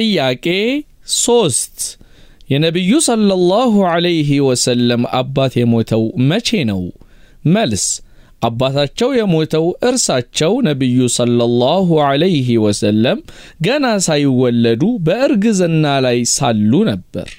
ጥያቄ ሶስት የነቢዩ ሰለላሁ ዐለይሂ ወሰለም አባት የሞተው መቼ ነው? መልስ አባታቸው የሞተው እርሳቸው ነቢዩ ሰለላሁ ዐለይሂ ወሰለም ገና ሳይወለዱ በእርግዝና ላይ ሳሉ ነበር።